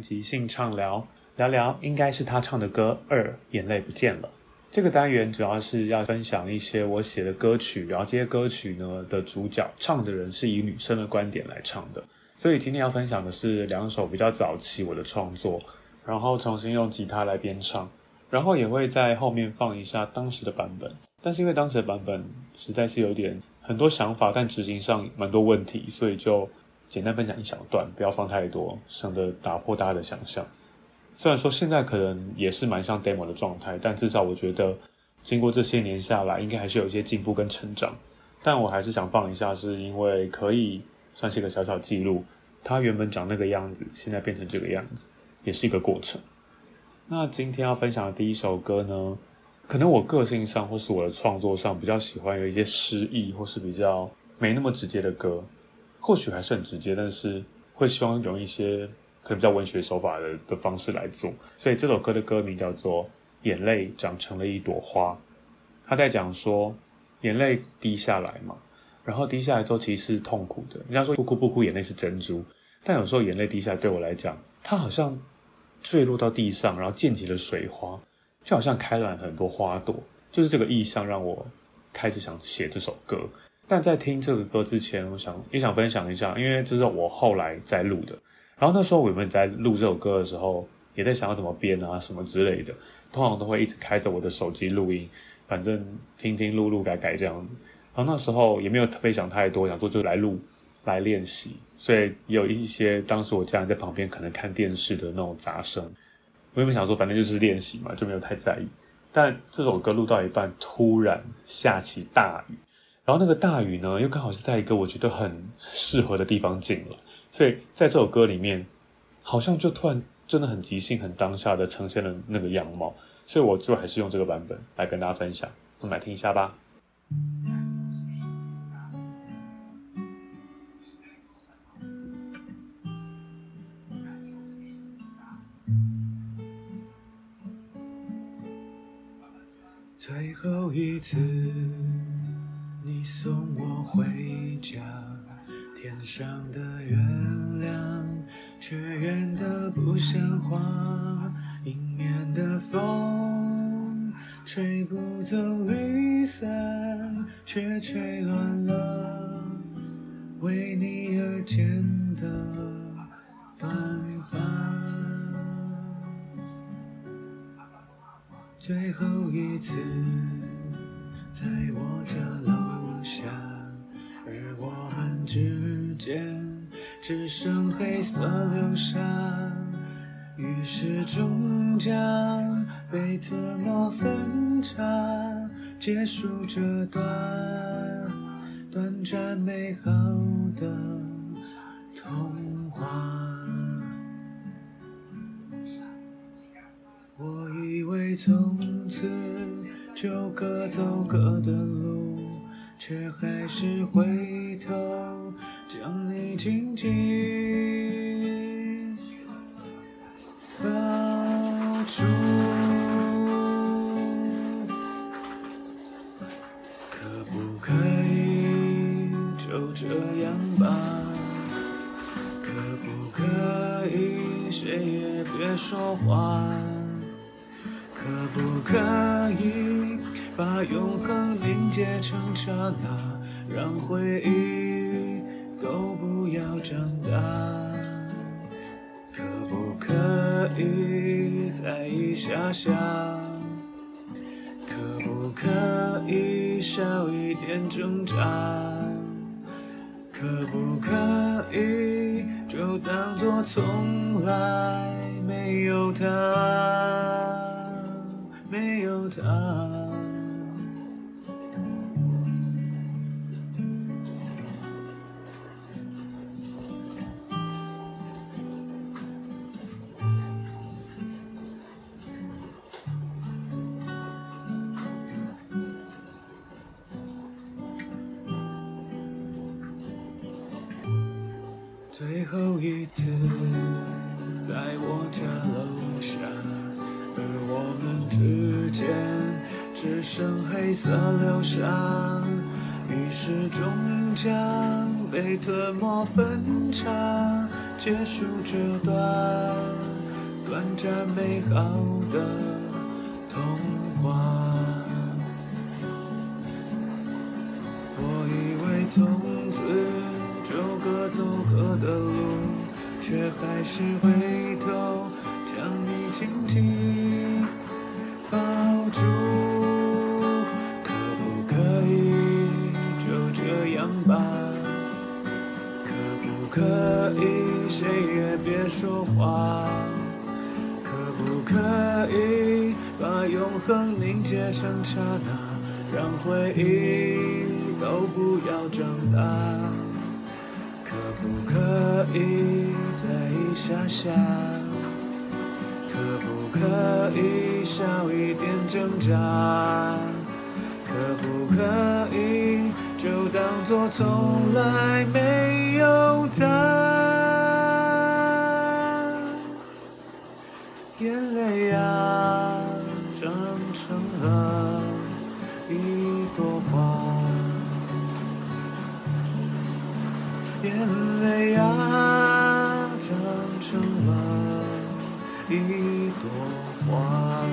即興唱聊，聊聊應該是她唱的歌二，眼淚不見了。這個單元主要是要分享一些我寫的歌曲，然後這些歌曲呢的主角唱的人是以女生的觀點來唱的，所以今天要分享的是兩首比較早期我的創作，然後重新用吉他來編唱，然後也會在後面放一下當時的版本，但是因為當時的版本實在是有點很多想法，但執行上蠻多問題，所以就。簡單分享一小段，不要放太多，省得打破大家的想象。雖然說現在可能也是蠻像 demo 的狀態，但至少我覺得，經過這些年下來，應該還是有一些進步跟成長。但我還是想放一下，是因為可以算是一個小小記錄。他原本講那個樣子，現在變成這個樣子，也是一個過程。那今天要分享的第一首歌呢，可能我個性上或是我的創作上，比較喜歡有一些詩意，或是比較沒那麼直接的歌。或許還是很直接，但是會希望用一些可能比較文學手法的的方式來做。所以這首歌的歌名叫做《眼淚長成了一朵花》。他在講說，眼淚滴下來嘛，然後滴下來之後其實是痛苦的。人家說不哭不哭，眼淚是珍珠，但有時候眼淚滴下來，對我來講，它好像墜落到地上，然後濺起了水花，就好像開了很多花朵。就是這個意象，讓我開始想寫這首歌。但在聽這個歌之前，我想也想分享一下，因為這是我後來在錄的。然後那時候我有沒有在錄這首歌的時候，也在想要怎麼編啊什麼之類的，通常都會一直開着我的手機錄音，反正聽聽錄錄改改這樣子。然後那時候也沒有特別想太多，想說就來錄來練習，所以有一些當時我家人在旁邊可能看電視的那種雜聲，我也沒有想說反正就是練習嘛，就沒有太在意。但這首歌錄到一半，突然下起大雨。然後那個大雨呢，又剛好是在一個我覺得很適合的地方進了，所以在這首歌裡面，好像就突然真的很即興、很當下的呈現了那個樣貌，所以我就還是用這個版本來跟大家分享，我們來聽一下吧。最後一次。你送我回家，天上的月亮卻圓得不像話。迎面的風，吹不走離散，卻吹亂了為你而剪的短髮。最後一次在我家樓下，而我們之間只剩黑色流沙，於是終將被吞沒分岔，結束這段短暫美好的童話。我以為從此就各走各的路。卻還是回頭，將你緊緊抱住。可不可以就這樣吧？可不可以誰也別說話？可不可以？把永恆凝結成剎那，讓回憶都不要長大。可不可以再一下下？可不可以少一點掙扎？可不可以就當做從來沒有他？一次，在我家樓下，而我們之間只剩黑色流沙，於是終將被吞沒、分岔，結束這段短暫美好的。卻還是回頭將你緊緊抱住，可不可以就這樣吧？可不可以誰也別說話？可不可以把永恆凝結成剎那，讓回憶都不要長大？可不可以？再一下下，可不可以少一點掙扎？可不可以就當作從來沒有他？一朵花。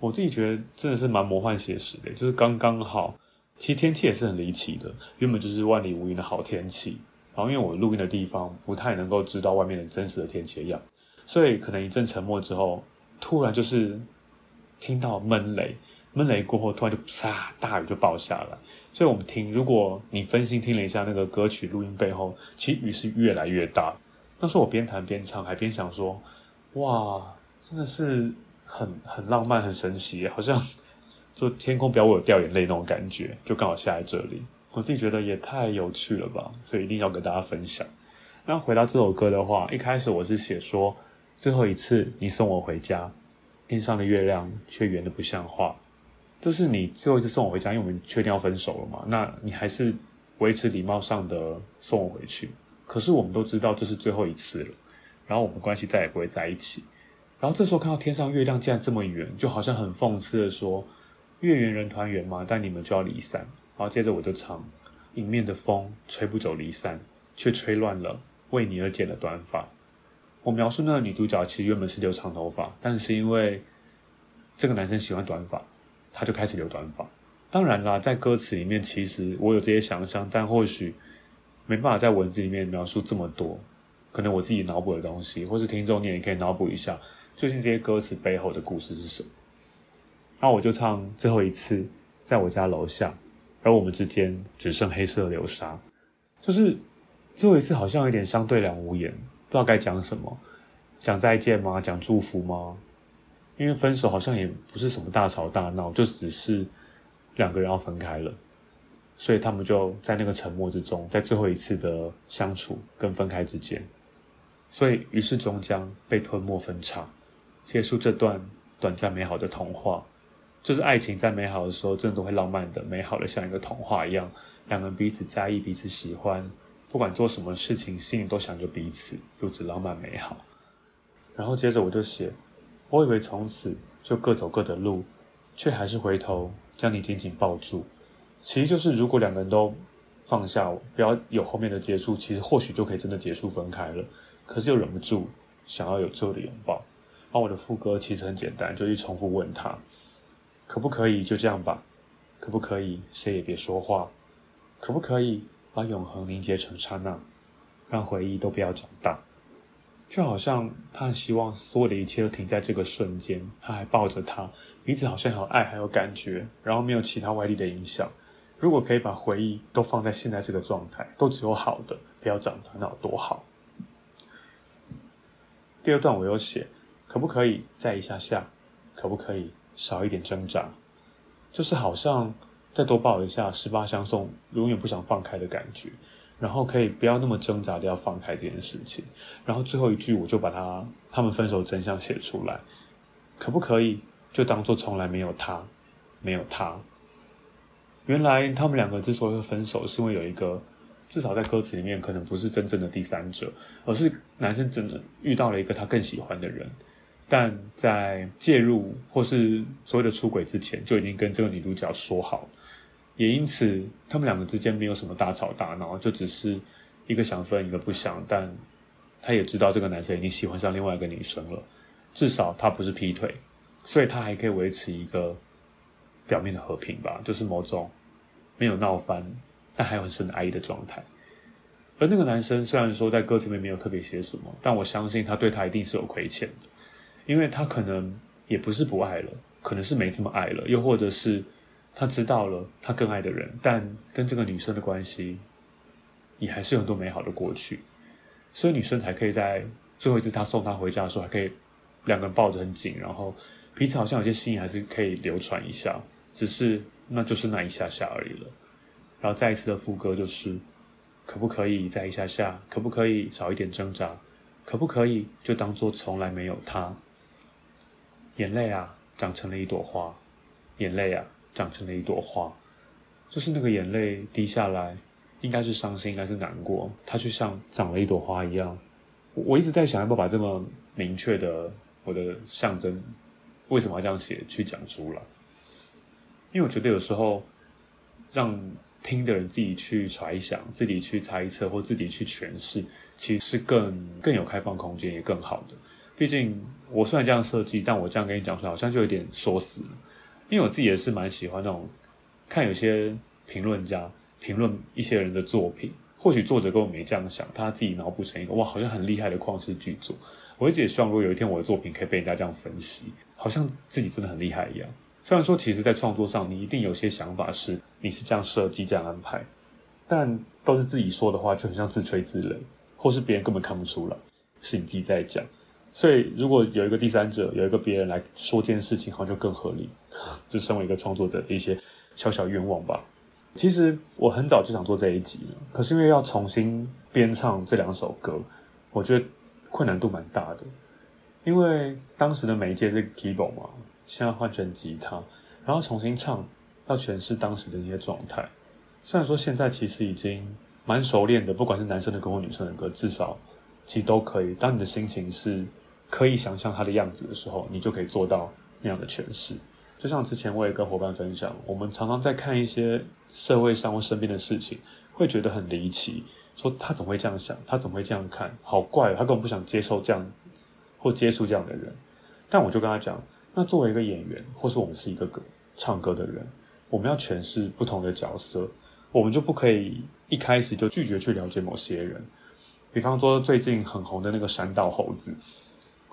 我自己覺得真的是蠻魔幻寫實的，就是剛剛好。其實天氣也是很離奇的，原本就是萬里無雲的好天氣，然後因為我錄音的地方不太能夠知道外面的真實的天氣的樣，所以可能一陣沉默之後，突然就是聽到悶雷。悶雷過後，突然就啪，大雨就爆下來。所以我們聽，如果你分心聽了一下那個歌曲錄音背後，其實雨是越來越大。當時我邊彈邊唱，還邊想說：“哇，真的是很很浪漫、很神奇，好像就天空不要為我掉眼淚那種感覺。”就剛好下在這裡，我自己覺得也太有趣了吧，所以一定要跟大家分享。那回到這首歌的話，一開始我是寫說：“最後一次你送我回家，天上的月亮卻圓得不像話。”就是你最後一次送我回家，因為我們確定要分手了嘛。那你還是維持禮貌上的送我回去，可是我們都知道這是最後一次了。然後我們關係再也不會在一起。然後這時候看到天上月亮竟然這麼圓，就好像很諷刺的說：“月圓人團圓嘛，但你們就要離散。”然後接着我就唱：“迎面的風吹不走離散，卻吹亂了為你而剪的短髮。”我描述那個女主角其實原本是留長頭髮，但是因為這個男生喜歡短髮。他就開始留短髮，當然啦，在歌詞裡面其實我有這些想象但或許沒辦法在文字裡面描述這麼多，可能我自己腦補的東西，或是聽眾你也可以腦補一下，究竟這些歌詞背後的故事是什麼？那我就唱，最後一次，在我家樓下，而我們之間只剩黑色的流沙。就是最後一次，好像有點相對兩無言，不知道該講什麼，講再見嗎？講祝福嗎？因為分手好像也不是什麼大吵大鬧，就只是兩個人要分開了，所以他們就在那個沉默之中，在最後一次的相處跟分開之間，所以於是終將被吞沒分岔，結束這段短暫美好的童話。就是愛情在美好的時候，真的都會浪漫的、美好的，像一個童話一樣，兩人彼此在意、彼此喜歡，不管做什麼事情，心裡都想着彼此，如此浪漫美好。然後接着我就寫。我以為從此就各走各的路，卻還是回頭將你緊緊抱住。其實就是，如果兩個人都放下我，不要有後面的接觸，其實或許就可以真的結束分開了。可是又忍不住想要有最後的擁抱。而、啊、我的副歌其實很簡單，就去重複問他：可不可以就這樣吧？可不可以誰也別說話？可不可以把永恆凝結成剎那，讓回憶都不要長大？就好像他很希望所有的一切都停在這個瞬間，他還抱着他，彼此好像有愛，還有感覺，然後沒有其他外力的影響。如果可以把回憶都放在現在這個狀態，都只有好的，不要長大，那有多好。第二段我有寫，可不可以再一下下，可不可以少一點掙扎，就是好像再多抱一下，十八相送，永遠不想放開的感覺。然後可以不要那麼掙扎的要放開這件事情，然後最後一句我就把他他們分手的真相寫出來，可不可以？就當作從來沒有他，沒有他。原來他們兩個之所以會分手，是因為有一個，至少在歌詞裡面可能不是真正的第三者，而是男生真的遇到了一個他更喜歡的人，但在介入或是所謂的出軌之前，就已經跟這個女主角說好了。也因此，他們兩個之間沒有什麼大吵大鬧，就只是一個想分一個不想。但他也知道這個男生已經喜歡上另外一個女生了，至少他不是劈腿，所以他還可以維持一個表面的和平吧，就是某種沒有鬧翻，但還有很深的愛意的狀態。而那個男生雖然說在歌詞裡面沒有特別寫什麼，但我相信他對他一定是有虧欠的，因為他可能也不是不愛了，可能是沒這麼愛了，又或者是。他知道了，他更愛的人，但跟這個女生的關係，也還是有很多美好的過去，所以女生才可以，在最後一次他送她回家的時候，還可以兩個人抱得很緊，然後彼此好像有些心意，還是可以流傳一下，只是那就是那一下下而已了。然後再一次的副歌就是，可不可以再一下下，可不可以少一點掙扎，可不可以就當作從來沒有他，眼淚啊，長成了一朵花，眼淚啊。長成了一朵花，就是那個眼淚滴下來，應該是傷心，應該是難過，它就像長了一朵花一樣。我，我一直在想，要不要把這麼明確的我的象徵，為什麼要這樣寫？去講出來，因為我覺得有時候讓聽的人自己去揣想、自己去猜測或自己去詮釋，其實是更更有開放空間，也更好的。畢竟我雖然這樣設計，但我這樣跟你講出來，好像就有點說死了。因為我自己也是蠻喜歡那種，看有些評論家評論一些人的作品，或許作者跟我沒這樣想，他自己腦補成一個哇，好像很厲害的曠世巨作。我一直也希望，如果有一天我的作品可以被人家這樣分析，好像自己真的很厲害一樣。雖然說，其實，在創作上，你一定有些想法是你是這樣設計、這樣安排，但都是自己說的話，就很像自吹自擂，或是別人根本看不出來，是你自己在講。所以，如果有一個第三者，有一個別人來說這件事情，好像就更合理。就身為一個創作者的一些小小願望吧。其實我很早就想做這一集了，可是因為要重新編唱這兩首歌，我覺得困難度蠻大的。因為當時的媒介是 keyboard 嘛，現在換成吉他，然後重新唱，要詮釋當時的那些狀態。雖然說現在其實已經蠻熟練的，不管是男生的歌或女生的歌，至少其實都可以。當你的心情是。可以想象他的樣子的時候，你就可以做到那樣的詮釋。就像之前我也跟夥伴分享，我們常常在看一些社會上或身邊的事情，會覺得很離奇，說他怎麼會這樣想，他怎麼會這樣看，好怪哦，他根本不想接受這樣或接觸這樣的人。但我就跟他講，那作為一個演員，或是我們是一個歌，唱歌的人，我們要詮釋不同的角色，我們就不可以一開始就拒絕去了解某些人。比方說最近很紅的那個山道猴子。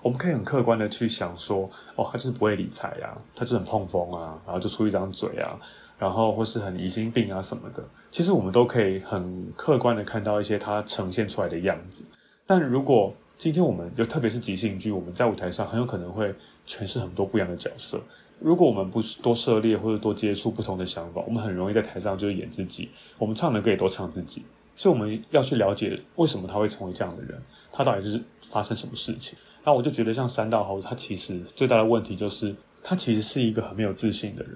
我們可以很客觀的去想說，哦，他就是不會理財啊，他就是很膨風啊，然後就出一張嘴啊，然後或是很疑心病啊什麼的。其實我們都可以很客觀的看到一些他呈現出來的樣子。但如果今天我們，又特別是即興劇，我們在舞台上很有可能會詮釋很多不一樣的角色。如果我們不多涉獵或者多接觸不同的想法，我們很容易在台上就是演自己。我們唱的歌也都唱自己，所以我們要去了解為什麼他會成為這樣的人，他到底就是發生什麼事情。那我就覺得，像三道猴子，他其實最大的問題就是，他其實是一個很沒有自信的人，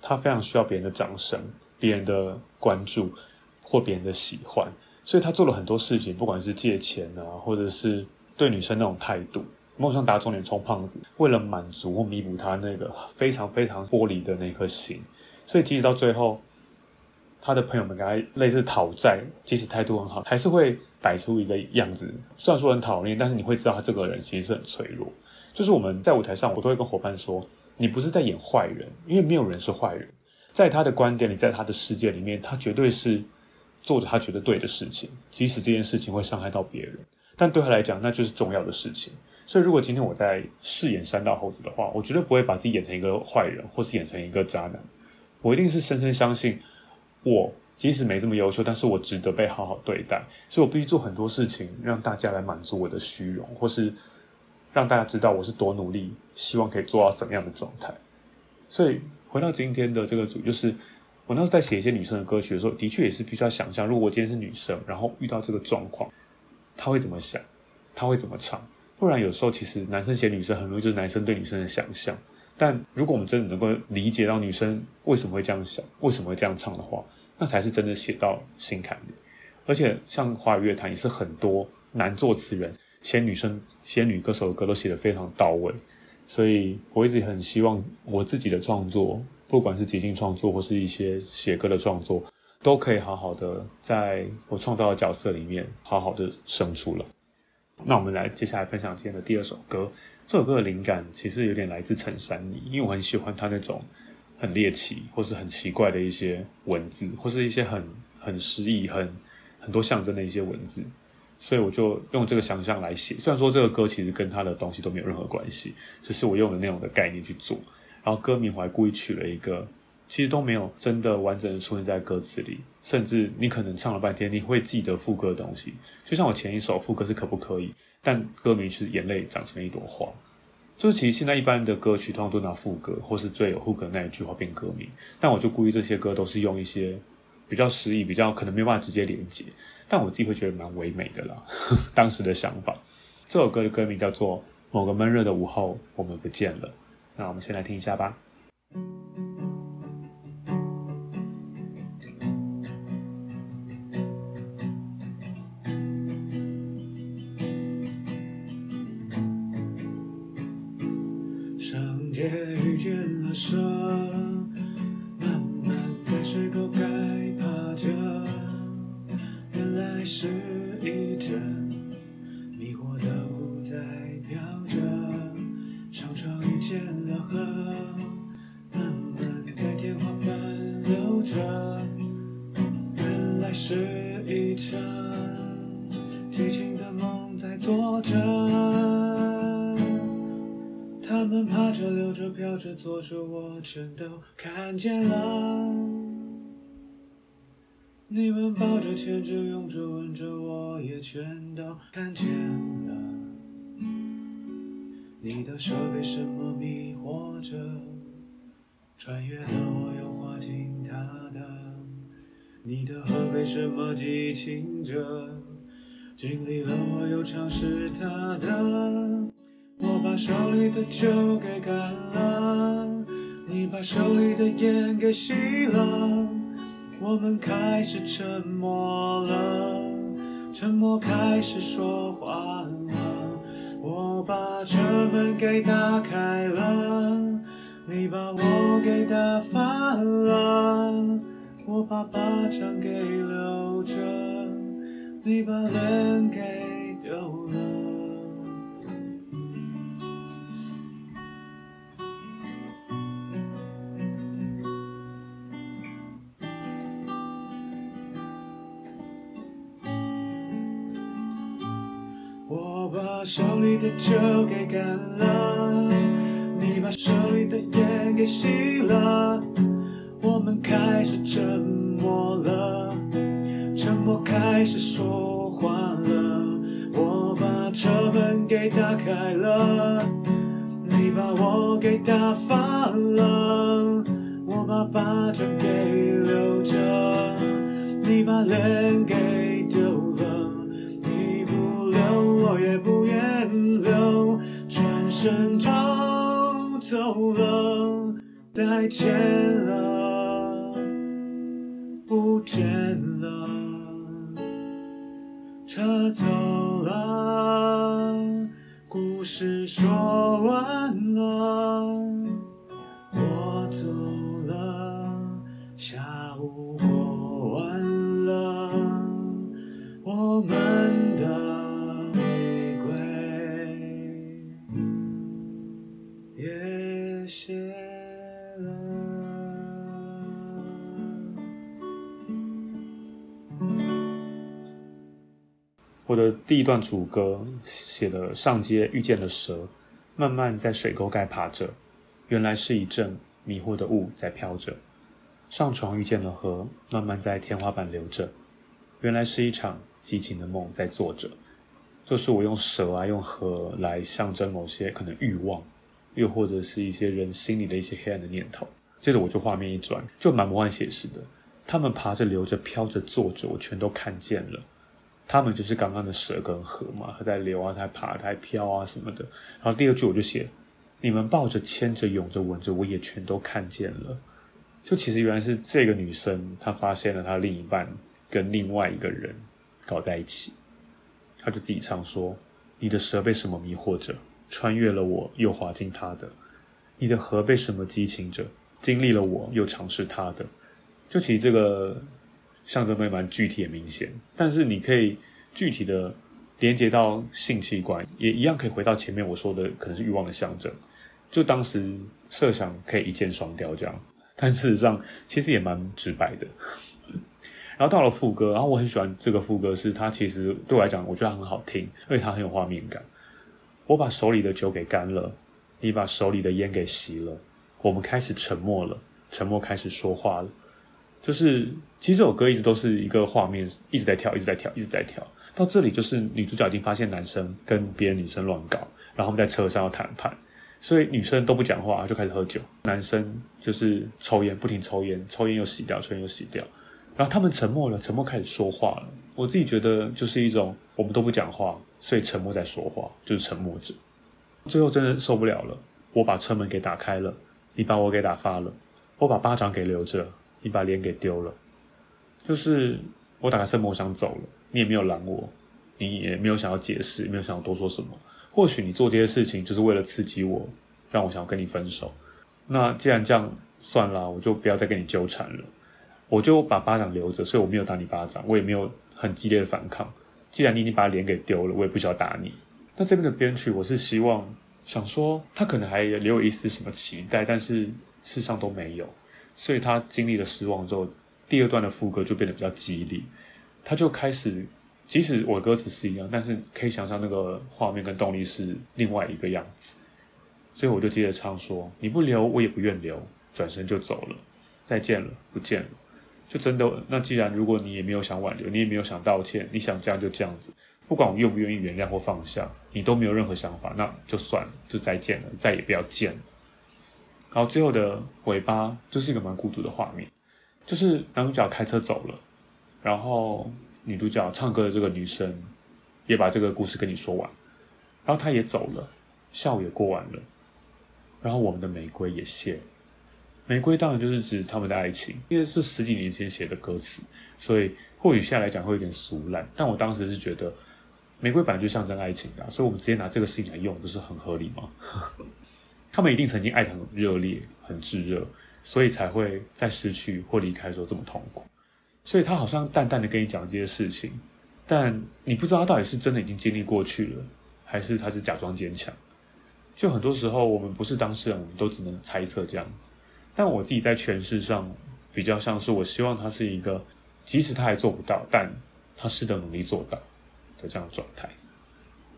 他非常需要別人的掌聲、別人的關注或別人的喜歡，所以他做了很多事情，不管是借錢啊，或者是對女生那種態度，像打腫臉充胖子，為了滿足或彌補他那個非常非常玻璃的那顆心，所以即使到最後，他的朋友們來類似討債，即使態度很好，還是會。.擺出一個樣子，雖然說很討厭，但是你會知道他這個人其實是很脆弱。就是我們在舞台上，我都會跟伙伴說：“你不是在演壞人，因為沒有人是壞人。”在他的觀點裡，在他的世界裡面，他絕對是做着他覺得對的事情，即使這件事情會傷害到別人，但對他來講，那就是重要的事情。所以，如果今天我在飾演三大猴子的話，我絕對不會把自己演成一個壞人，或是演成一個渣男。我一定是深深相信我。即使沒這麼優秀，但是我值得被好好對待，所以我必須做很多事情，讓大家來滿足我的虛榮，或是讓大家知道我是多努力，希望可以做到什麼樣的狀態。所以回到今天的這個主題，就是我那時候在寫一些女生的歌曲的時候，的確也是必須要想象，如果我今天是女生，然後遇到這個狀況，她會怎麼想，她會怎麼唱。不然有時候其實男生寫女生很容易，就是男生對女生的想象。但如果我們真的能夠理解到女生為什麼會這樣想，為什麼會這樣唱的話，那才是真的寫到心坎裡，而且像華語樂壇也是很多男作詞人寫女生、寫女歌手的歌都寫得非常到位，所以我一直很希望我自己的創作，不管是即興創作或是一些寫歌的創作，都可以好好的在我創造的角色裡面好好的生出了。那我們來接下來分享今天的第二首歌，這首歌的靈感其實有點來自陳珊妮，因為我很喜歡她那種。很獵奇，或是很奇怪的一些文字，或是一些很很詩意、很很多象徵的一些文字，所以我就用這個想象來寫。雖然說這個歌其實跟他的東西都沒有任何關係，只是我用了那種的概念去做。然後歌名我還故意取了一個，其實都沒有真的完整的出現在歌詞裡，甚至你可能唱了半天，你會記得副歌的東西。就像我前一首副歌是可不可以，但歌名是眼淚長成了一朵花。就是其實現在一般的歌曲通常都拿副歌或是最有 hook 的那一句話變歌名，但我就故意這些歌都是用一些比較詩意、比較可能沒辦法直接連結，但我自己會覺得蠻唯美的啦。當時的想法，這首歌的歌名叫做《某個悶熱的午後，我們不見了》。那我們先來聽一下吧。也遇見了蛇全都看見了，你們抱着牽着擁着吻着，我也全都看見了。你的蛇被什麼迷惑着？穿越了我又滑進他的。你的河被什麼激情着？經歷了我又嚐試他的。我把手裡的酒給乾了。你把手裡的煙給熄了，我們開始沉默了，沉默開始說話了。我把車門給打開了，你把我給打發了，我把巴掌給留着，你把臉給丟了。手裡的酒給乾了，你把手裡的煙給熄了，我們開始沉默了，沉默開始說話了，我把車門給打開了，你把我給打發了，我把巴掌給留着，你把臉給。轉身就走了，再見了，不見了，車走了，故事說完。我的第一段主歌寫了上街遇見了蛇，慢慢在水溝蓋爬着，原來是一陣迷惑的霧在飄着；上床遇見了河，慢慢在天花板流着，原來是一場激情的夢在做着。就是我用蛇啊，用河來象徵某些可能慾望，又或者是一些人心裡的一些黑暗的念頭。接着我就畫面一轉，就蠻魔幻寫實的，他們爬着、流着、飄着、做着，我全都看見了。他們就是剛剛的蛇跟河嘛，它在流啊，它還爬，它還飄啊什麼的。然後第二句我就寫：你們抱着、牽着、擁着、吻着，我也全都看見了。就其實原來是這個女生，她發現了她另一半跟另外一個人搞在一起，她就自己唱說：你的蛇被什麼迷惑着，穿越了我又滑進他的；你的河被什麼激情着，經歷了我又嘗試他的。就其實這個。象徵會蠻具體很明顯，但是你可以具體的連接到性器官，也一樣可以回到前面我說的可能是慾望的象徵，就當時設想可以一箭雙雕這樣，但事實上其實也蠻直白的。然後到了副歌，然後我很喜歡這個副歌，是它其實對我來講，我覺得很好聽，因為它很有畫面感。我把手裡的酒給乾了，你把手裡的煙給熄了，我們開始沉默了，沉默開始說話了。就是，其實這首歌一直都是一個畫面，一直在跳，一直在跳，一直在跳。到這裡，就是女主角已經發現男生跟別的女生亂搞，然後他們在車上要談判，所以女生都不講話，就開始喝酒。男生就是抽煙，不停抽煙，抽煙又熄掉，抽煙又熄掉。然後他們沉默了，沉默開始說話了。我自己覺得，就是一種我們都不講話，所以沉默在說話，就是沉默者。最後真的受不了了，我把車門給打開了，你把我給打發了，我把巴掌給留着。你把臉給丟了，就是我打開車門，我想走了，你也沒有攔我，你也沒有想要解釋，也沒有想要多說什麼。或許你做這些事情就是為了刺激我，讓我想要跟你分手。那既然這樣，算了，我就不要再跟你糾纏了，我就把巴掌留着，所以我沒有打你巴掌，我也沒有很激烈的反抗。既然你已經把臉給丟了，我也不需要打你。那這邊的編曲，我是希望想說，他可能還留有一絲什麼期待，但是事實上都沒有。所以他經歷了失望之後，第二段的副歌就變得比較激烈，他就開始，即使我的歌詞是一樣，但是可以想象那個畫面跟動力是另外一個樣子。所以我就接着唱說：“你不留，我也不願留，轉身就走了，再見了，不見了。”就真的，那既然如果你也沒有想挽留，你也沒有想道歉，你想這樣就這樣子，不管我願不願意原諒或放下，你都沒有任何想法，那就算了，就再見了，再也不要見了。然後最後的尾巴就是一個蠻孤獨的畫面，就是男主角開車走了，然後女主角唱歌的這個女生也把這個故事跟你說完，然後她也走了，下午也過完了，然後我們的玫瑰也謝了。玫瑰當然就是指他們的愛情，因為是十幾年前寫的歌詞，所以或許現在來講會有點俗爛，但我當時是覺得玫瑰本來就象徵愛情的、啊，所以我們直接拿這個事情來用，不、就是很合理嗎？ 他們一定曾經愛得很熱烈，很炙熱，所以才會在失去或離開的時候這麼痛苦。所以他好像淡淡的跟你講這些事情，但你不知道他到底是真的已經經歷過去了，還是他是假裝堅強。就很多時候我們不是當事人，我們都只能猜測這樣子。但我自己在詮釋上比較像是我希望他是一個，即使他還做不到，但他試着努力做到的這樣的狀態。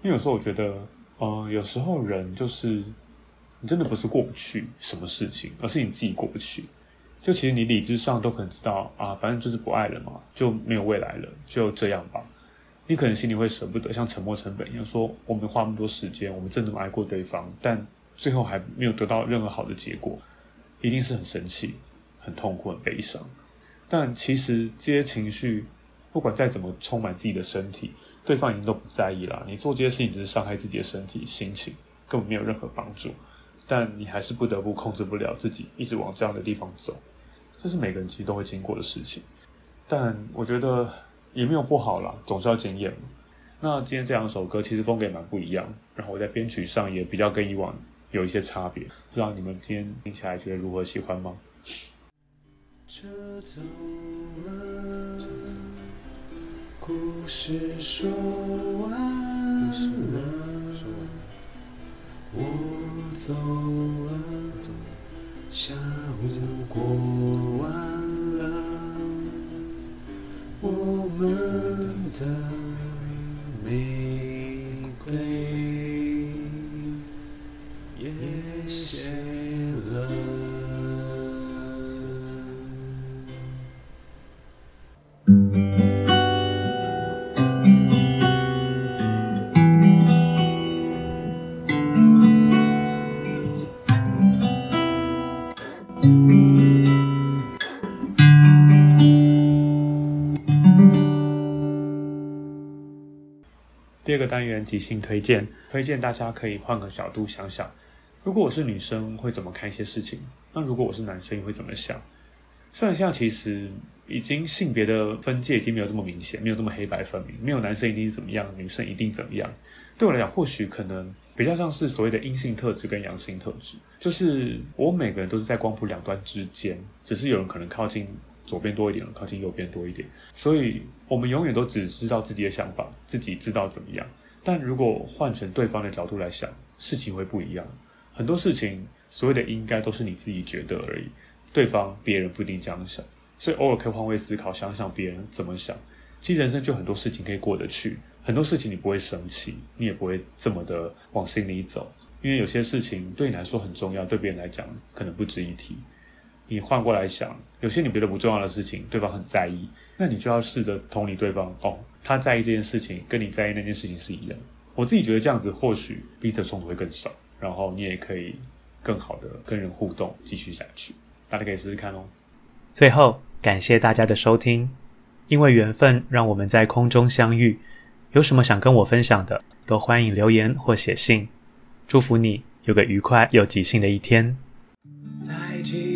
因為有時候我覺得，嗯、呃，有時候人就是。你真的不是過不去什麼事情，而是你自己過不去。就其實你理智上都可能知道啊，反正就是不愛了嘛，就沒有未來了，就這樣吧。你可能心裡會舍不得，像沉沒成本一樣說，我們花那麼多時間，我們真的愛過對方，但最後還沒有得到任何好的結果，一定是很生氣、很痛苦、很悲傷。但其實這些情緒，不管再怎麼充滿自己的身體，對方已經都不在意了。你做這些事情只是傷害自己的身體、心情，根本沒有任何幫助。但你還是不得不控制不了自己，一直往這樣的地方走，這是每個人其實都會經過的事情。但我覺得也沒有不好啦，總是要經驗嘛。那今天這兩首歌其實風格蠻不一樣，然後我在編曲上也比較跟以往有一些差別，不知道你們今天聽起來覺得如何，喜歡嗎？車走了，車走，故事說完了，走了、啊，下午就過完了，我們的玫瑰。第二個單元即興推薦，推薦大家可以換個角度想想，如果我是女生，會怎麼看一些事情，那如果我是男生又會怎麼想？雖然現在其實已經性別的分界已經沒有這麼明顯，沒有這麼黑白分明，沒有男生一定是怎麼樣，女生一定怎麼樣。對我來講，或許可能比較像是所謂的陰性特質跟陽性特質，就是我每個人都是在光譜兩端之間，只是有人可能靠近，左邊多一點，靠近右邊多一點，所以我們永遠都只知道自己的想法，自己知道怎麼樣。但如果換成對方的角度來想，事情會不一樣。很多事情所謂的應該都是你自己覺得而已，對方別人不一定這樣想。所以偶爾可以換位思考，想想別人怎麼想。其實人生就很多事情可以過得去，很多事情你不會生氣，你也不會這麼的往心裡走，因為有些事情對你來說很重要，對別人來講可能不值一提。你換過來想，有些你覺得不重要的事情，對方很在意，那你就要試着同理對方哦。他在意這件事情，跟你在意那件事情是一樣。我自己覺得這樣子，或許彼此衝突會更少，然後你也可以更好的跟人互動，繼續下去。大家可以試試看哦。最後，感謝大家的收聽，因為緣分讓我們在空中相遇。有什麼想跟我分享的，都歡迎留言或寫信。祝福你有個愉快又即興的一天。再見。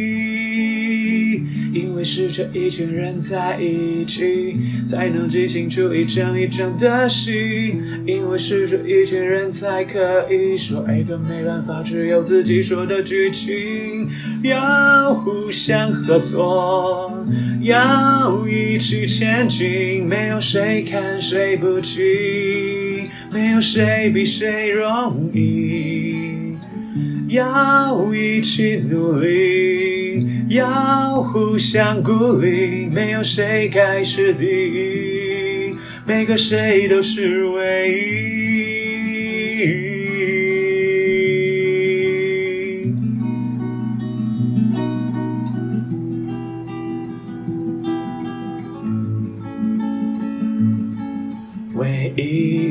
是這一群人在一起，才能即興出一場一場的戲。因為是這一群人，才可以說一個沒辦法只有自己說的劇情。要互相合作，要一起前進。沒有誰看誰不起，沒有誰比誰容易，要一起努力。要互相鼓勵，沒有誰該是第一，每個誰都是唯一，唯一。唯一